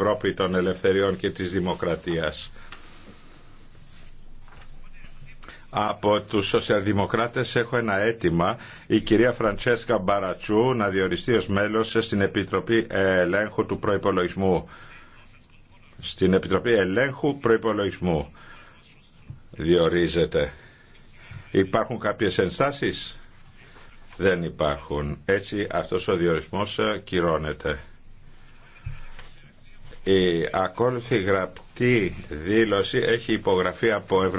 Ευρώπη των Ελευθεριών και της Δημοκρατίας. Από τους σοσιαλδημοκράτες έχω ένα αίτημα η κυρία Φραντσέσκα Μπαρατσού να διοριστεί ως μέλος στην Επιτροπή Ελέγχου του Προϋπολογισμού. Στην Επιτροπή Ελέγχου Προϋπολογισμού διορίζεται. Υπάρχουν κάποιες ενστάσεις? Δεν υπάρχουν. Έτσι αυτός ο διορισμός ε, κυρώνεται. Η ακόλουθη γραπτή δήλωση έχει υπογραφεί από Ευρωπαϊκή